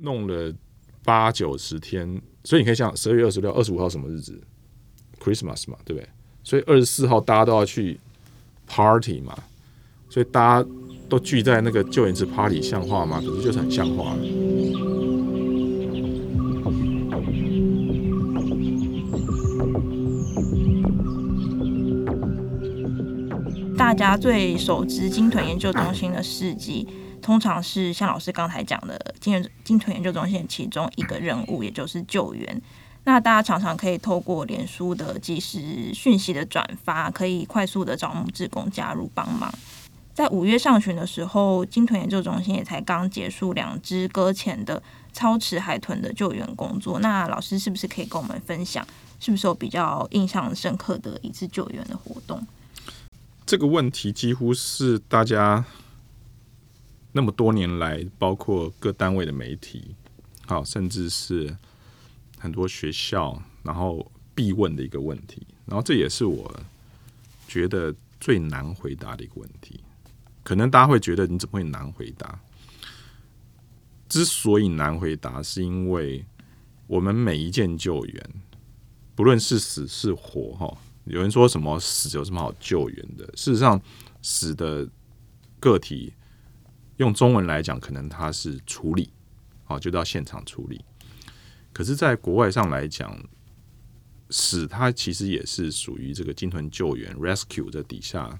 弄了八九十天，所以你可以想十二月二十六、二十五號，什麼日子？Christmas 嘛，對不對？所以二十四號大家都要去 party 嘛，所以大家都聚在那個救援池 party，像話嗎？可是就是很像話。大家最熟知鯨豚研究中心的事蹟。通常是像老師剛才講的鯨豚豚研究中心其中一個任務，也就是救援。那大家常常可以透過臉書的即時訊息的轉發，可以快速的招募志工加入幫忙。在五月上旬的時候，鯨豚研究中心也才剛結束兩隻擱淺的糙齒海豚的救援工作。那老師是不是可以跟我們分享，是不是有比較印象深刻的一次救援的活動？這個問題幾乎是大家，那麼多年來，包括各單位的媒體，好，甚至是很多學校，然後必問的一個問題，然後這也是我覺得最難回答的一個問題。可能大家會覺得，你怎麼會難回答？之所以難回答，是因為我們每一件救援，不論是死是活，哈、哦，有人說什麼死有什麼好救援的？事實上，死的個體。用中文來講，可能他是處理，哦、啊，就到現場處理。可是，在國外上來講，死他其實也是屬於這個“鯨豚救援 ”（rescue） 的底下，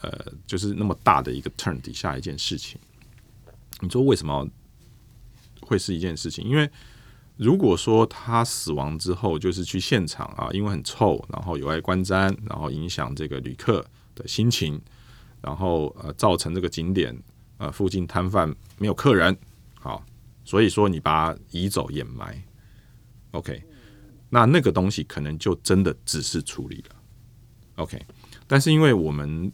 呃，就是那麼大的一個 turn 底下一件事情。你說為什麼會是一件事情？因為如果說他死亡之後，就是去現場啊，因為很臭，然後有礙觀瞻，然後影響這個旅客的心情，然後呃，造成這個景點。呃，附近攤販沒有客人，好，所以說你把它移走掩埋，OK，那那個東西可能就真的只是處理了，OK，但是因為我們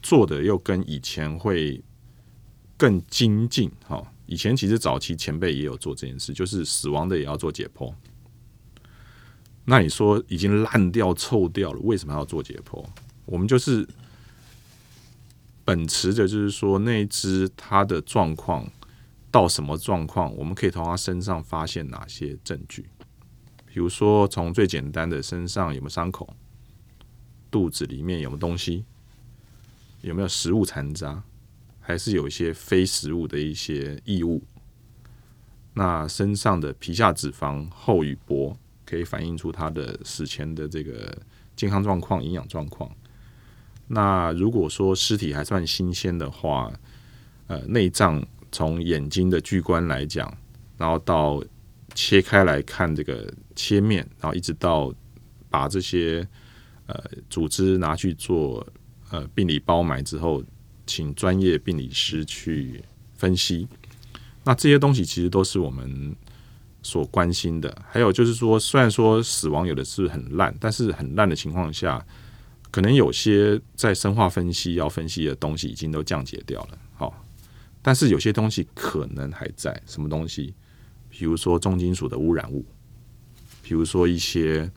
做的又跟以前會更精進，好，以前其實早期前輩也有做這件事，就是死亡的也要做解剖，那你說已經爛掉臭掉了，為什麼要做解剖？我們就是。秉持着就是說，那一隻它的狀況到什麼狀況，我們可以從它身上發現哪些證據？比如說，從最簡單的身上有沒有傷口，肚子裡面有沒有東西，有沒有食物殘渣，還是有一些非食物的一些異物？那身上的皮下脂肪厚與薄，可以反映出它的死前的這個健康狀況、營養狀況。那如果說屍體還算新鮮的話，呃，內臟從眼睛的巨觀來講，然後到切開來看這個切面，然後一直到把這些呃組織拿去做呃病理包埋之後，請專業病理師去分析。那這些東西其實都是我們所關心的。還有就是說，雖然說死亡有的是很爛，但是很爛的情況下，可能有些在生化分析要分析的東西已經都降解掉了，好，但是有些東西可能還在，什麼東西？比如說重金屬的污染物，比如說一些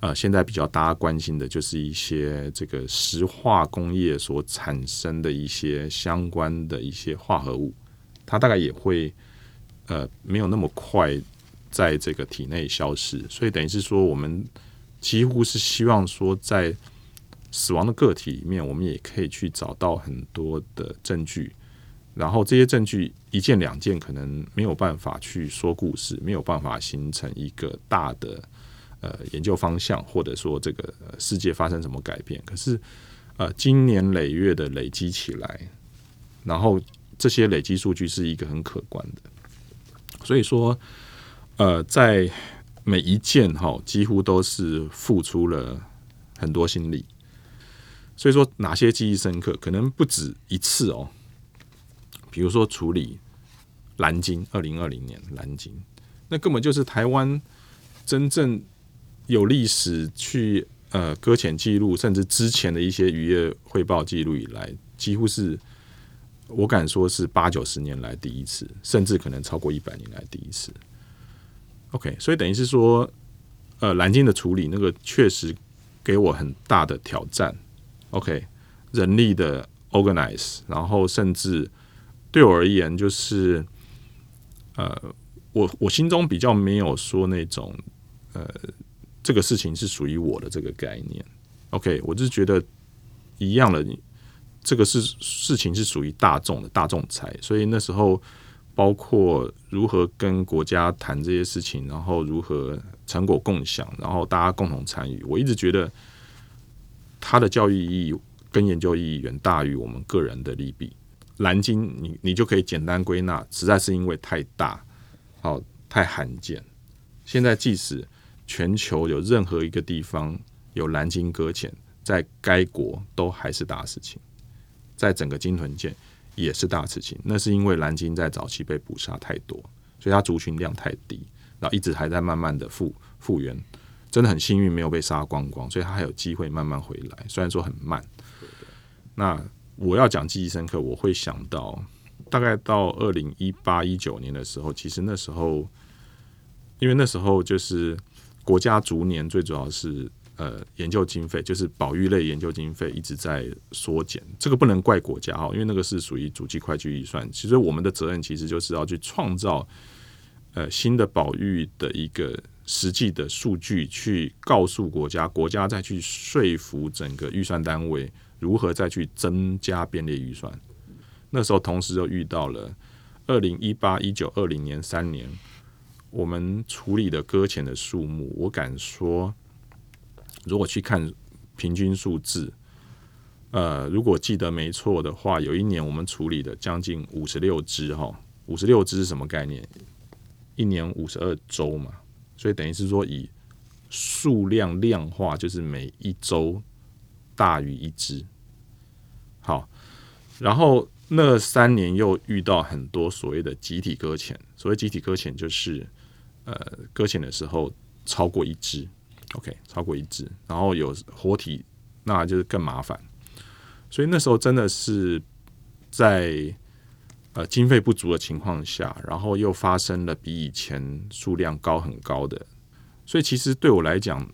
呃，現在比較大家關心的就是一些這個石化工業所產生的一些相關的一些化合物，它大概也會呃沒有那麼快在這個體內消失，所以等於是說我們幾乎是希望說在死亡的個體裡面，我們也可以去找到很多的證據。然後這些證據一件兩件可能沒有辦法去說故事，沒有辦法形成一個大的呃研究方向，或者說這個世界發生什麼改變。可是呃，經年累月的累積起來，然後這些累積數據是一個很可觀的。所以說呃，在每一件哈、哦，幾乎都是付出了很多心力。所以說，哪些記憶深刻？可能不止一次哦。比如說處理藍鯨，二零二零年藍鯨，那根本就是台灣真正有歷史去呃擱淺記錄，甚至之前的一些漁業匯報記錄以來，幾乎是，我敢說是八九十年來第一次，甚至可能超過一百年來第一次。OK，所以等於是說，呃，藍鯨的處理那個確實給我很大的挑戰。OK，人力的 organize，然後甚至對我而言，就是，呃，我我心中比較沒有說那種，呃，這個事情是屬於我的這個概念。OK，我就覺得一樣的，這個事事情是屬於大眾的大眾財。所以那時候包括如何跟國家談這些事情，然後如何成果共享，然後大家共同參與，我一直覺得。它的教育意義跟研究意義遠大於我們個人的利弊藍鯨。藍鯨，你你就可以簡單歸納，實在是因為太大，好、哦、太罕見。現在即使全球有任何一個地方有藍鯨擱淺，在該國都還是大事情，在整個鯨豚界也是大事情。那是因為藍鯨在早期被捕殺太多，所以它族群量太低，然後一直還在慢慢的復復原。真的很幸運，沒有被殺光光，所以他還有機會慢慢回來。雖然說很慢，對對對，那我要講記憶深刻，我會想到大概到二零一八一九年的時候，其實那時候因為那時候就是國家逐年最主要是呃研究經費，就是保育類研究經費一直在縮減。這個不能怪國家哦，因為那個是屬於逐級會計預算。其實我們的責任其實就是要去創造呃新的保育的一個。實際的數據去告訴國家，國家再去說服整個預算單位如何再去增加編列預算。那時候同時就遇到了二零一八、一九、二零年三年，我們處理的擱淺的數目，我敢說，如果去看平均數字，呃，如果記得沒錯的話，有一年我們處理的將近五十六隻哈，五十六隻是什麼概念？一年五十二週嘛。所以等於是說，以數量量化，就是每一周大於一隻，好。然後那三年又遇到很多所謂的集體擱淺，所謂集體擱淺就是，呃，擱淺的時候超過一隻，OK，超過一隻，然後有活體，那就是更麻煩。所以那時候真的是在。呃，經費不足的情況下，然後又發生了比以前數量高很高的，所以其實對我來講，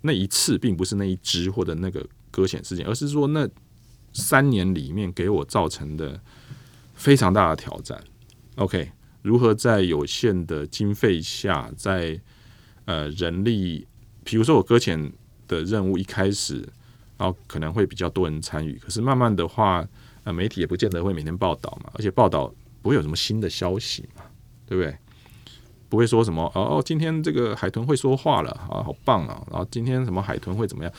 那一次並不是那一隻或者那個擱淺事件，而是說那三年裡面給我造成的非常大的挑戰。OK，如何在有限的經費下，在呃人力，比如說我擱淺的任務一開始，然後可能會比較多人參與，可是慢慢的話，媒體也不見得會每天報道嘛，而且報道不會有什麼新的消息嘛，對不對？不會說什麼哦哦，今天這個海豚會說話了啊，好棒啊！然後今天什麼海豚會怎麼樣？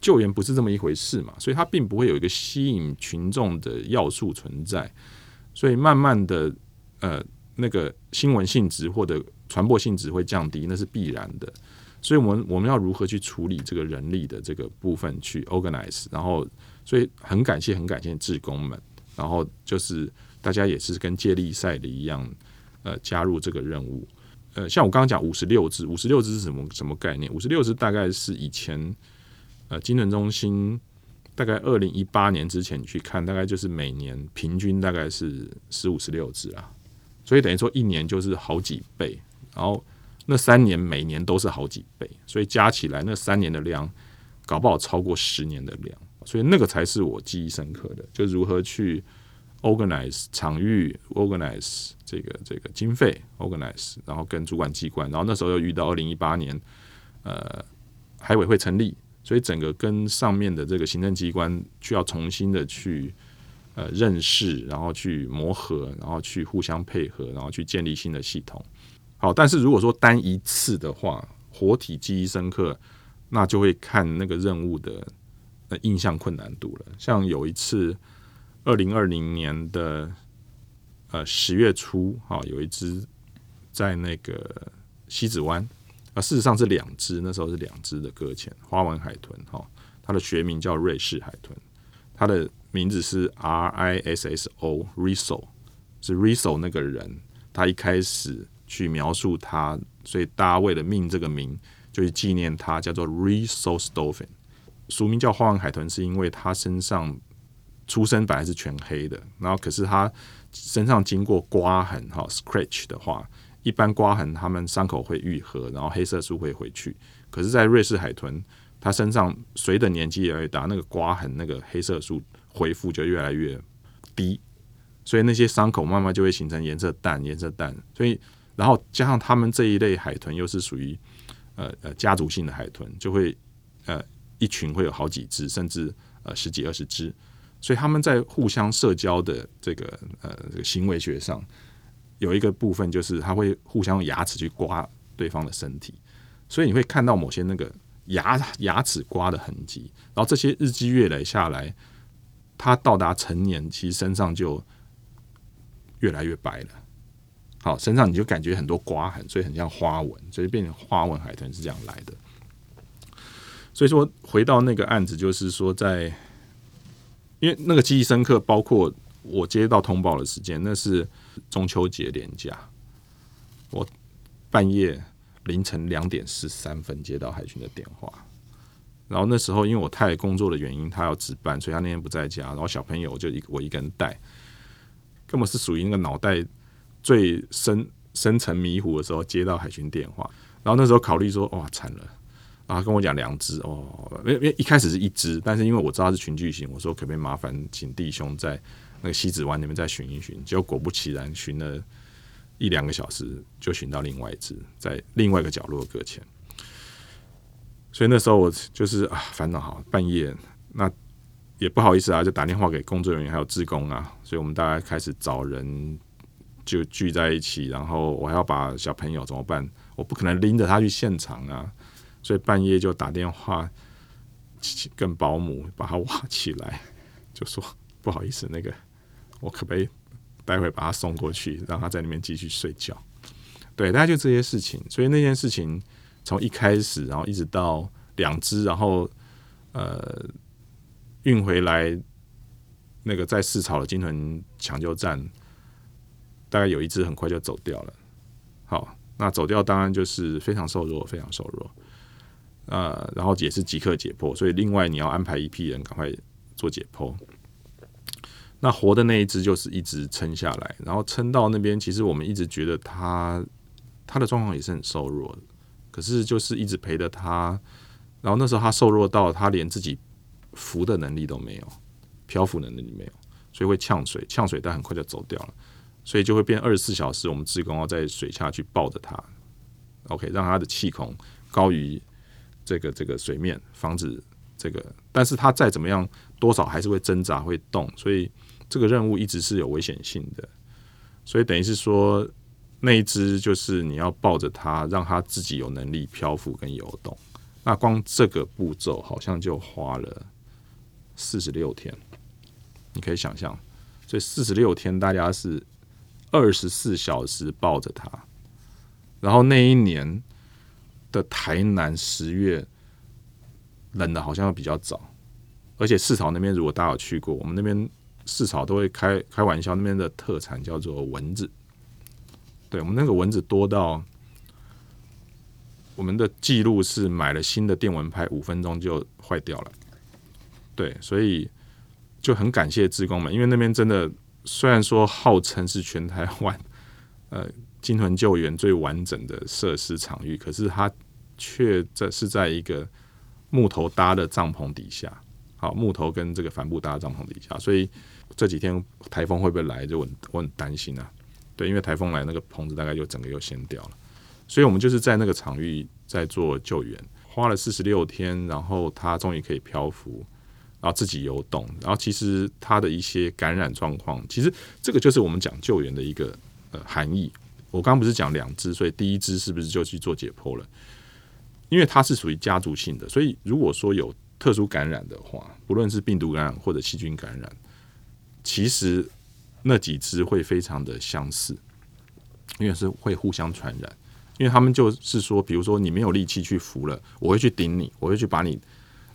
救援不是這麼一回事嘛，所以它並不會有一個吸引群眾的要素存在，所以慢慢的，呃，那個新聞性質或者傳播性質會降低，那是必然的。所以，我們我們要如何去處理這個人力的這個部分去 organize，然後，所以很感謝，很感謝志工們，然後就是大家也是跟接力賽的一樣，呃，加入這個任務。呃，像我剛剛講五十六隻，五十六隻是什麼什麼概念？五十六隻大概是以前呃，鯨豚中心大概二零一八年之前你去看，大概就是每年平均大概是十五十六隻啊，所以等於說一年就是好幾倍，然後。那三年每年都是好幾倍，所以加起來那三年的量，搞不好超過十年的量，所以那個才是我記憶深刻的，就是如何去 organize 場域，organize 這個這個經費，organize，然後跟主管機關，然後那時候又遇到二零一八年，呃，海委會成立，所以整個跟上面的這個行政機關需要重新的去呃認識，然後去磨合，然後去互相配合，然後去建立新的系統。好，但是如果說單一次的話，活體記憶深刻，那就會看那個任務的呃印象困難度了。像有一次，二零二零年的呃十月初，哈、哦，有一隻在那個西子灣，啊，事實上是兩隻，那時候是兩隻的擱淺，花紋海豚，哈、哦，它的學名叫瑞士海豚，它的名字是 R I S S O，Risso，是 Risso 那個人，他一開始。去描述它，所以大家為了命這個名就是紀念它，叫做 Risso's dolphin。俗名叫花紋海豚，是因為它身上出生本來是全黑的，然後可是它身上經過刮痕哈、哦、（scratch） 的話，一般刮痕它們傷口會癒合，然後黑色素會回去。可是，在瑞士海豚，它身上隨着年紀越來越大，那個刮痕那個黑色素恢復就越來越低，所以那些傷口慢慢就會形成顏色淡，顏色淡，所以。然後加上他們這一類海豚又是屬於，呃呃家族性的海豚，就會呃一群會有好幾隻，甚至呃十幾二十隻，所以他們在互相社交的這個呃這個行為學上，有一個部分就是它會互相用牙齒去刮對方的身體，所以你會看到某些那個牙牙齒刮的痕跡，然後這些日積月累下來，它到達成年，其實身上就越來越白了。好，身上你就感覺很多刮痕，所以很像花紋，所以變成花紋海豚是這樣來的。所以說，回到那個案子，就是說在、在因為那個記憶深刻，包括我接到通報的時間，那是中秋節連假，我半夜凌晨兩點十三分接到海巡的電話。然後那時候，因為我太太工作的原因，她要值班，所以她那天不在家。然後小朋友就一我一個人帶，根本是屬於那個腦袋最深深沉迷糊的時候，接到海巡電話，然後那時候考慮說，哇，慘了！然後跟我講兩隻哦，因為因為一開始是一隻，但是因為我知道是群聚型，我說可不可以麻煩請弟兄在那個西子灣那邊再尋一尋？結果果不其然，尋了一兩個小時就尋到另外一隻，在另外一個角落擱淺。所以那時候我就是啊煩惱哈，半夜那也不好意思啊，就打電話給工作人員還有志工啊，所以我們大家開始找人。就聚在一起，然後我還要把小朋友怎麼辦？我不可能拎着他去現場啊，所以半夜就打電話跟保姆把他挖起來，就說不好意思，那個我可不可以待會把他送過去，讓他在裡面繼續睡覺？對，大家就這些事情，所以那件事情從一開始，然後一直到兩隻，然後呃運回來，那個在四草的鯨豚搶救站。大概有一隻很快就走掉了，好，那走掉當然就是非常瘦弱，非常瘦弱，啊、呃，然後也是即刻解剖，所以另外你要安排一批人趕快做解剖。那活的那一隻就是一直撐下來，然後撐到那邊，其實我們一直覺得他他的狀況也是很瘦弱，可是就是一直陪着他。然後那時候他瘦弱到他連自己浮的能力都沒有，漂浮能力沒有，所以會嗆水，嗆水，但很快就走掉了。所以就會變二十四小時，我們志工要在水下去抱着它，OK，讓它的氣孔高於這個這個水面，防止這個。但是它再怎麼樣，多少還是會掙扎會動，所以這個任務一直是有危險性的。所以等於是說，那一只就是你要抱着它，讓它自己有能力漂浮跟游動。那光這個步驟好像就花了四十六天，你可以想象。所以四十六天，大家是。二十四小時抱着他，然後那一年的台南十月冷的好像比較早，而且四草那邊如果大家有去過，我們那邊四草都會開開玩笑，那邊的特產叫做蚊子。對，我們那個蚊子多到，我們的記錄是買了新的電蚊拍，五分鐘就壞掉了。對，所以就很感謝志工們，因為那邊真的。雖然說號稱是全台灣，呃，鯨豚救援最完整的設施場域，可是它卻在是在一個木頭搭的帳篷底下。好，木頭跟這個帆布搭的帳篷底下，所以這幾天颱風會不會來，就我我很擔心啊。對，因為颱風來，那個棚子大概又整個又掀掉了。所以我們就是在那個場域在做救援，花了四十六天，然後它終於可以漂浮。然後自己游動，然後其實它的一些感染狀況，其實這個就是我們講救援的一個呃含義。我剛剛不是講兩隻，所以第一隻是不是就去做解剖了？因為它是屬於家族性的，所以如果說有特殊感染的話，不論是病毒感染或者細菌感染，其實那幾隻會非常的相似，因為是會互相傳染。因為他們就是說，比如說你沒有力氣去浮了，我會去頂你，我會去把你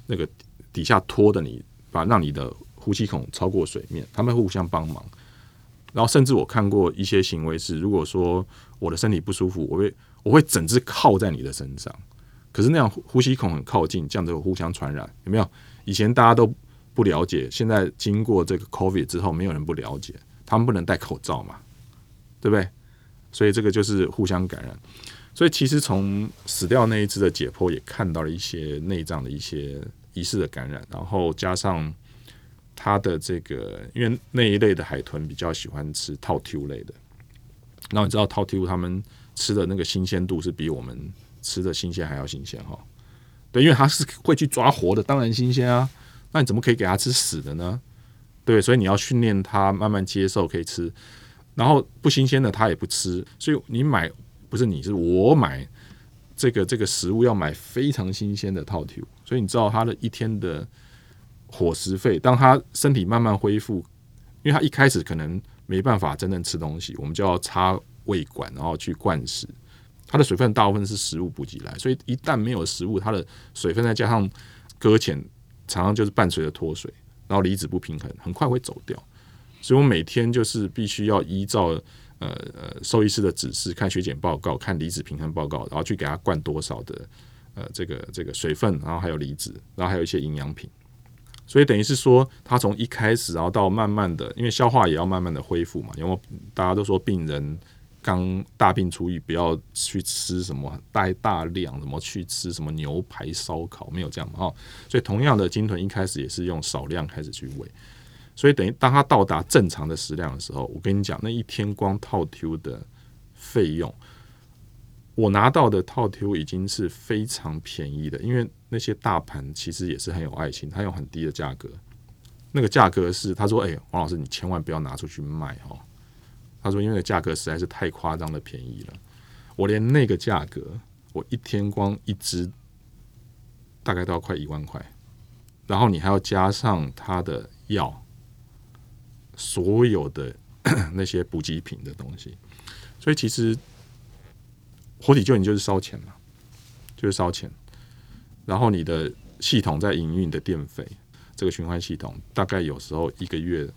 那個。底下拖着你，把讓你的呼吸孔超過水面，他們互相幫忙。然後甚至我看過一些行為是，如果說我的身體不舒服，我會我會整只靠在你的身上，可是那樣呼吸孔很靠近，這樣就互相傳染。有沒有？以前大家都不了解，現在經過這個 COVID 之後，沒有人不了解。他們不能戴口罩嘛，對不對？所以這個就是互相感染。所以其實從死掉那一次的解剖也看到了一些內臟的一些。疑似的感染，然後加上它的這個，因為那一類的海豚比較喜歡吃套 T, t 類的，那你知道套 T, t 他們吃的那個新鮮度是比我們吃的新鮮還要新鮮哈？對，因為它是會去抓活的，當然新鮮啊。那你怎麼可以給他吃死的呢？對，所以你要訓練它慢慢接受可以吃，然後不新鮮的它也不吃。所以你買不是你是，是我買。這個這個食物要買非常新鮮的透抽，所以你知道他的一天的伙食費。當他身體慢慢恢復，因為他一開始可能沒辦法真正吃東西，我們就要插胃管然後去灌食。它的水分大部分是食物補給來，所以一旦沒有食物，它的水分再加上擱淺，常常就是伴隨着脫水，然後離子不平衡，很快會走掉。所以我每天就是必須要依照。呃呃，獸醫師的指示，看血檢報告，看離子平衡報告，然後去給他灌多少的呃這個這個水分，然後還有離子，然後還有一些營養品。所以等於是說，他從一開始、啊，然後到慢慢的，因為消化也要慢慢的恢復嘛。因為大家都說病人剛大病初愈，不要去吃什麼帶大，大量，什麼去吃什麼牛排燒烤，沒有這樣嘛啊、哦。所以同樣的，鯨豚一開始也是用少量開始去餵。所以等於當他到達正常的食量的時候，我跟你講，那一天光套 Q 的費用，我拿到的套 Q 已經是非常便宜的，因為那些大盤其實也是很有愛心，它有很低的價格。那個價格是他說：“哎，王老師，你千萬不要拿出去賣哦。”他說：“因為那個價格實在是太誇張的便宜了，我連那個價格，我一天光一隻大概都要快一萬塊，然後你還要加上他的藥。”所有的 那些補給品的東西，所以其實活體救援，就是燒錢嘛，就是燒錢。然後你的系統在營運的電費，這個循環系統大概有時候一個月，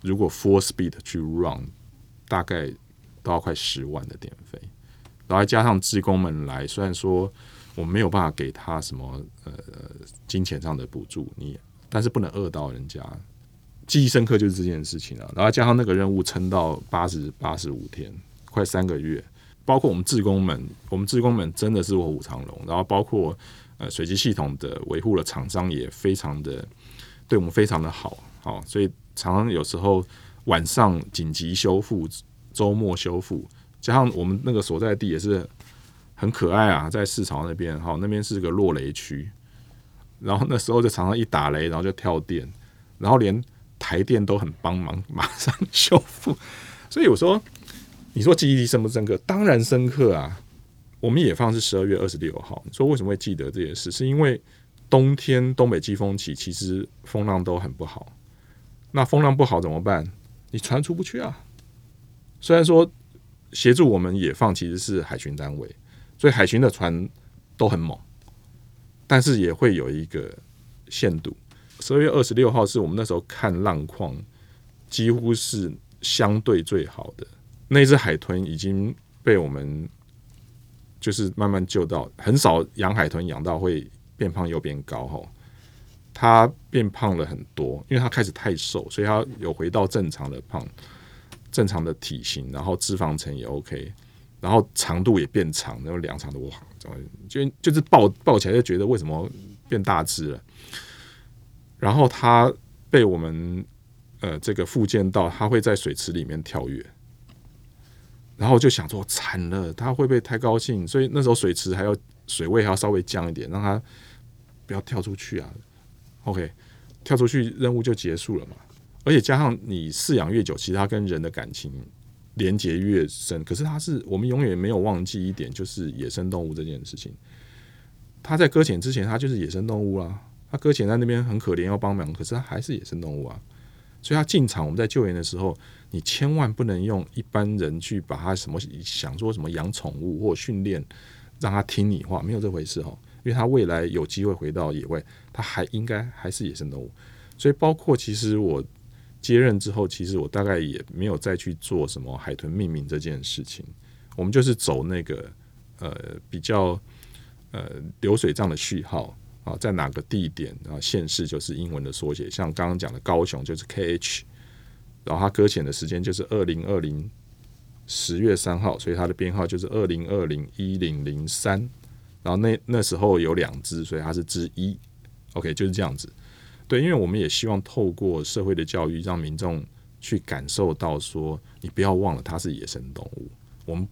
如果 full speed 去 run，大概都要快十萬的電費。然後還加上職工們來，雖然說我沒有辦法給他什麼呃金錢上的補助，你但是不能餓到人家。記憶深刻就是這件事情了，啊，然後加上那個任務，撐到八十八十五天，快三個月，包括我們志工們，我們志工們真的是臥虎藏龍，然後包括呃水機系統的維護的廠商也非常的對我們非常的好，好，哦，所以常常有時候晚上緊急修復，週末修復，加上我們那個所在地也是很可愛啊，在市場那邊，好，哦，那邊是個落雷區，然後那時候就常常一打雷，然後就跳電，然後連。台電都很幫忙，馬上修復。所以我說，你說記憶力深不深刻？當然深刻啊！我們也放是十二月二十六號。你說為什麼會記得這件事？是因為冬天東北季風起，其實風浪都很不好。那風浪不好怎麼辦？你船出不去啊！雖然說協助我們也放，其實是海巡單位，所以海巡的船都很猛，但是也會有一個限度。十二月二十六號是我們那時候看浪況，幾乎是相對最好的。那只海豚已經被我們就是慢慢救到，很少養海豚養到會變胖又變高哈。它變胖了很多，因為它開始太瘦，所以它有回到正常的胖，正常的體型，然後脂肪層也 OK，然後長度也變長，有兩長的哇，就就是抱抱起來就覺得為什麼變大只了。然後它被我們呃這個復健到，它會在水池裡面跳躍，然後就想說慘了，它會不會太高興？所以那時候水池還要水位還要稍微降一點，讓它不要跳出去啊。OK，跳出去任務就結束了嘛。而且加上你飼養越久，其實它跟人的感情連結越深。可是它是我們永遠沒有忘記一點，就是野生動物這件事情。它在擱淺之前，它就是野生動物啊。他擱淺在那邊很可憐，要幫忙，可是它還是野生動物啊，所以他進場，我們在救援的時候，你千萬不能用一般人去把他什麼想說什麼養寵物或訓練，讓他聽你話，沒有這回事哦，因為他未來有機會回到野外，他還應該還是野生動物，所以包括其實我接任之後，其實我大概也沒有再去做什麼海豚命名這件事情，我們就是走那個呃比較呃流水賬的序號。啊，在哪個地點啊？縣市就是英文的縮寫，像剛剛講的高雄就是 K H，然後它擱淺的時間就是二零二零十月三號，所以它的編號就是二零二零一零零三。然後那那時候有兩只，所以它是之一。OK，就是這樣子。對，因為我們也希望透過社會的教育，讓民眾去感受到說，你不要忘了它是野生動物。我們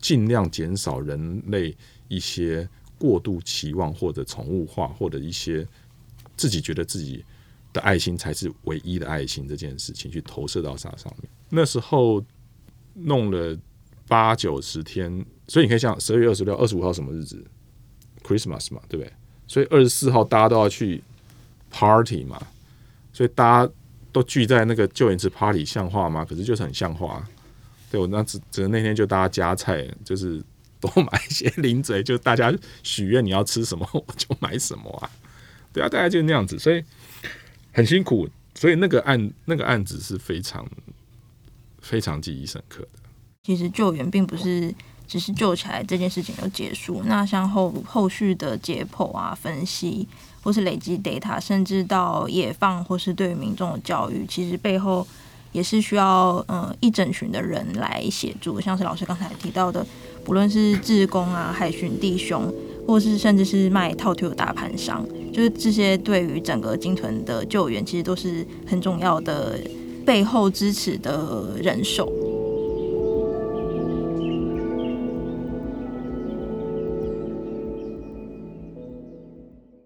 盡量減少人類一些。過度期望，或者寵物化，或者一些自己覺得自己，的愛心才是唯一的愛心這件事情，去投射到啥上面？那時候弄了八九十天，所以你可以想，十二月二十六、二十五號什麼日子？Christmas 嘛，對不對？所以二十四號大家都要去 party 嘛，所以大家都聚在那個救援池 party，像話嗎？可是就是很像話，對我那隻，只能那天就大家加菜，就是。多買一些零嘴，就大家許願你要吃什麼，我就買什麼啊！對啊，大家就是那樣子，所以很辛苦。所以那個案那個案子是非常非常記憶深刻的。其實救援並不是只是救起來這件事情就結束，那像後後續的解剖啊、分析，或是累積 data，甚至到野放或是對民眾的教育，其實背後也是需要嗯、呃、一整群的人來協助，像是老師剛才提到的。不論是志工啊、海巡弟兄，或是甚至是賣套圖的大盤商，就是這些對於整個鯨豚的救援，其實都是很重要的背後支持的人手。